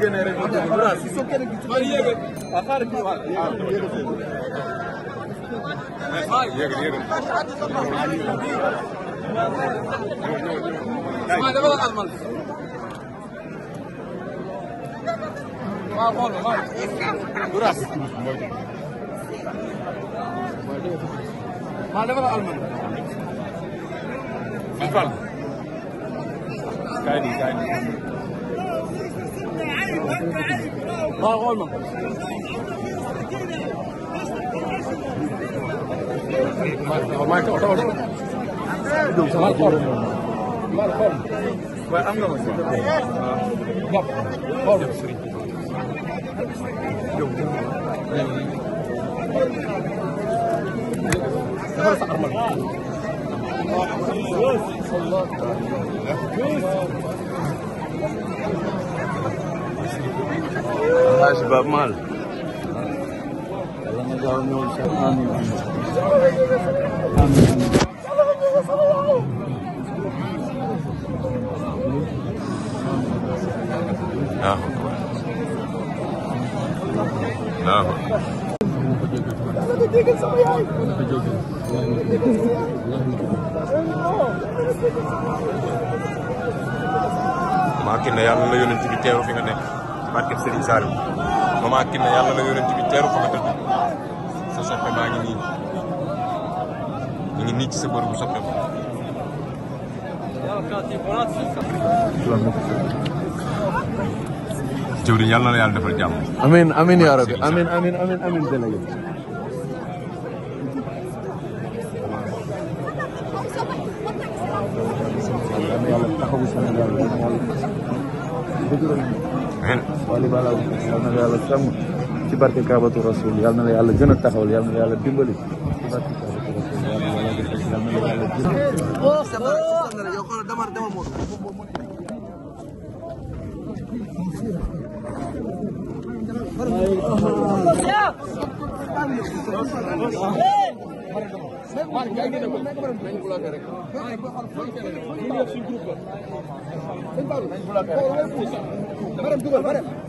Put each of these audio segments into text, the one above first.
génnee rek ma déglu waaw si soo keneen gi. waaw yéegal waaw xaaral kii waaw yéegal foofu. yéegal yéegal. maa dafa la almal. waaw xool ma waaw. du raas. maa dafa la almal. Kaay nii kaay nii. waaw xool ma maa ngi taw waaye am nga ma si. waaw xool ma. Haji Ba Mal yàlla na gaaw ñëw sa amiin amiin maa ngi ne yàlla la yónent bi teew fi nga nekk barke Serigne Saliou maman Kine yàlla la yonent bi teeru fa nga tëdd sa soppe maa ngi nii ñu ngi nii ci sa bërëbu soppe ba. jëwriñ yàlla na la yàlla defal jàmm. amiin amiin yaa rabbi amiin amiin amiin amiin délégué. taxawu Sénégal wali balaa yal na la yàlla sàmm ci barke Kaabatu Rasul na la yàlla gën a taxawal yàlla dimbali ci barke Kaabatu gën a yal na la yàlla dimbali.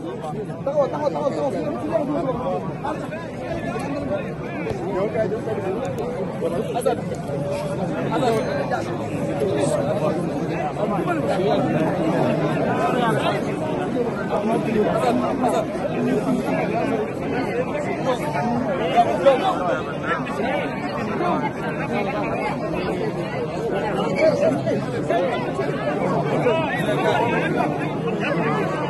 taxaw taxaw taxaw taxaw Thank you.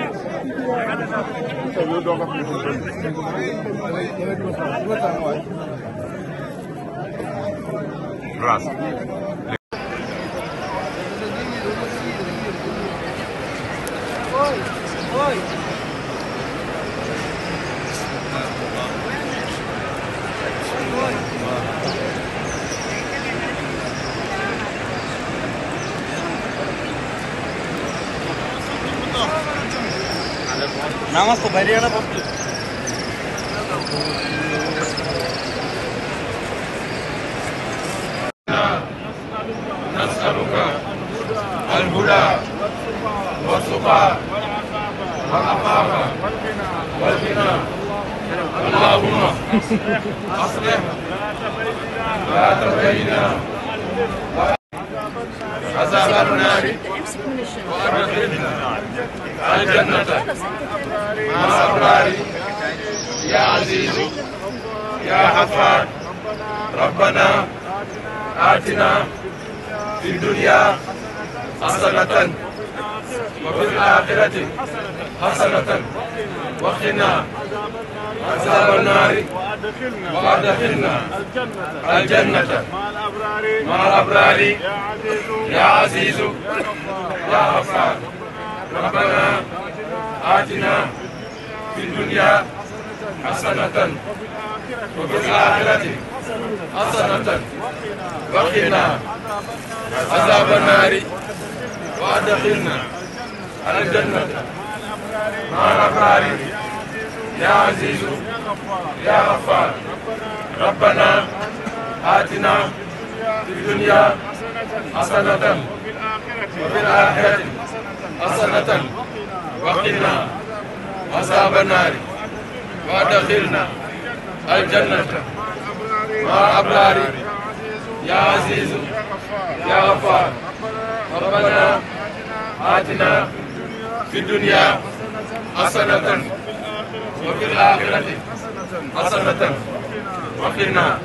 Здравствуйте. Oi, oi. నమస్తే హర్యానా పంపు الهدى والسقى والعفاف والغنى اللهم اصلح لا تبينا عذاب النار وادخلنا الجنه الأبرار يا عزيز يا غفار ربنا آتنا في الدنيا حسنة وفي الآخرة حسنة وقنا عذاب النار وأدخلنا الجنة مع الأبرار يا عزيز يا غفار ربنا آتنا في الدنيا حسنة وفي الآخرة حسنة وقنا عذاب النار وأدخلنا على الجنة مع الأبرار يا عزيز يا غفار ربنا آتنا في الدنيا حسنة وفي الآخرة حسنة وقنا أصحاب النار وأدخلنا الجنة مع الأبرار يا عزيز يا غفار ربنا آتنا في الدنيا حسنة وفي الآخرة حسنة وقنا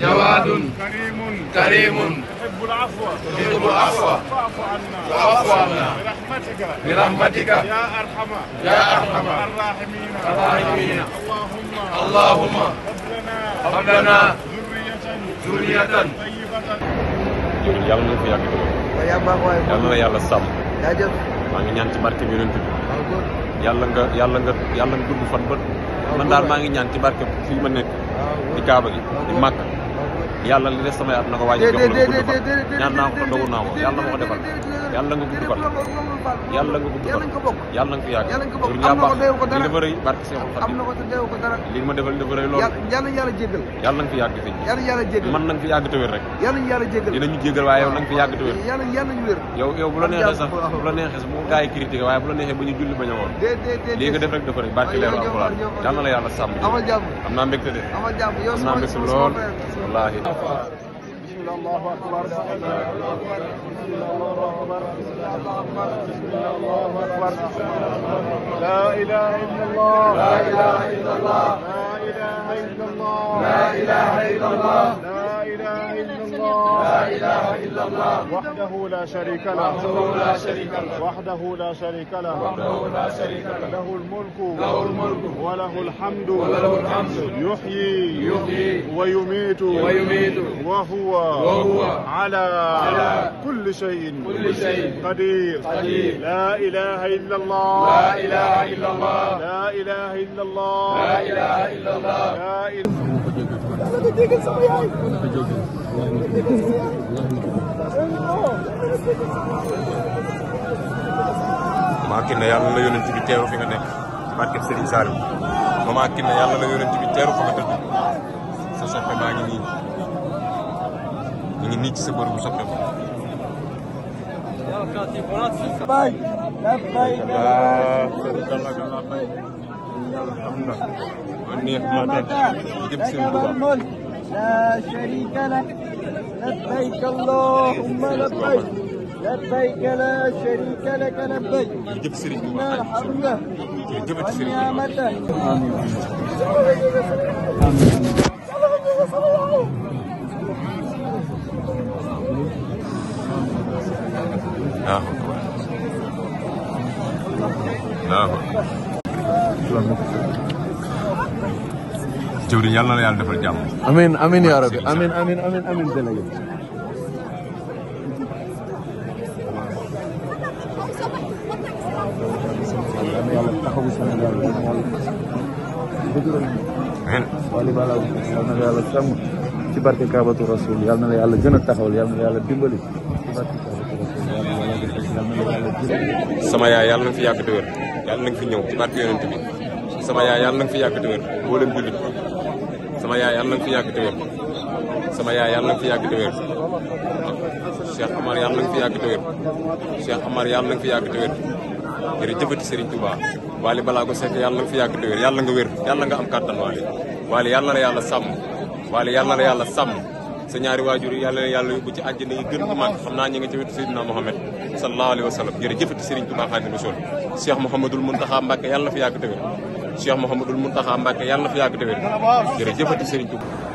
جواد كريم كريم تحب العفو تحب العفو فاعف عنا فاعف عنا برحمتك برحمتك يا ارحم يا ارحم الراحمين الراحمين اللهم اللهم هب لنا ذرية ذرية yàlla na fi yàgg yàlla na yàlla sàmm maa ngi ñaan ci barke bi yonent bi yàlla nga yàlla nga yàlla nga gudd fan ba man daal maa ngi ñaan ci barke fii ma nekk di kaaba gi di màkk yàlla li des sama yaat na ko waaj a jox la ko gudd fan ñaan naa ko ko dogu naa ko na ma ko defal yàlla nga gudd fan yàlla nga gudd fan yàlla nga fi yàgg loolu ma defal li dafa rëy loolu yàlla nga fi yàgg na nga fi yàgg te wér rek dinañu jégal na nga fi yàgg te wér yow yow bu la neexee sax bu la neexee sax bu ko gars yi critiqué waaye bu la neexee ba ñu a woon lii nga def rek dafa rëy barke leeru alxuraan yàlla na la yàlla sàmm am naa mbégte de am naa mbégte lool wallahi الله اكبر الله اكبر الله اكبر الله اكبر لا اله الا الله لا اله الا الله لا اله الا الله لا اله الا الله لا إله إلا الله وحده لا شريك له وحده لا شريك له وحده لا شريك له وحده لا شريك له له الملك له الملك وله الحمد وله الحمد يحيي يحيي ويميت ويميت وهو وهو على على كل شيء كل شيء قدير قدير لا إله إلا الله لا إله إلا الله لا إله إلا الله لا إله إلا الله لا إله إلا الله maa kin ne yàlla la yonent bi teeru fi nga nekk barke Serigne maa yàlla la yonent bi teeru fa nga tëdd sa soppe baa ngi nii ñu ngi nii ci sa bërëbu soppe ba bay bay bay neex ma لا شريك لك لبيك اللهم لبيك لبيك لا شريك لك لبيك إن الحمد والنعمة آمين آمين آمين jëwriñ yàlla na la yàlla defal jàmm. amiin amiin yaa rabbi amiin amiin amiin amiin délégué. wali bala yàlla na la yàlla sàmm ci barke yàlla na la yàlla a taxawal yàlla na yàlla dimbali ci barke sama yaay yàlla na fi yàgg te yàlla na fi ñëw ci barke yonent bi sama yaay yàlla na fi yàgg te wér mboolem jullit sama yaay yàlla na fi yàgg te wér sama yaay yàlla na fi yàgg te wér Cheikh Amar yàlla na fi yàgg te wér Cheikh Amar yàlla na fi yàgg te wér jërëjëfati Serigne Touba Waly yàlla na fi yàgg te wér yàlla nga wér yàlla nga am kàttan Waly Waly yàlla la yàlla sàmm Waly yàlla la yàlla sàmm sa ñaari waajur yàlla na yàlla yóbbu ci àjjana yi gën a mag xam naa ñi nga ci wetu Seydina Mohamed sallallahu alayhi wa sallam jërëjëfati Serigne Touba Xaadimu Rasuul Cheikh Mouhamadoul Mountakha Mbacké yàlla fi yàgg te Cheikh Mouhamadul Mountakha Mbacké yàlla na fi yàgg te wér jërëjëfati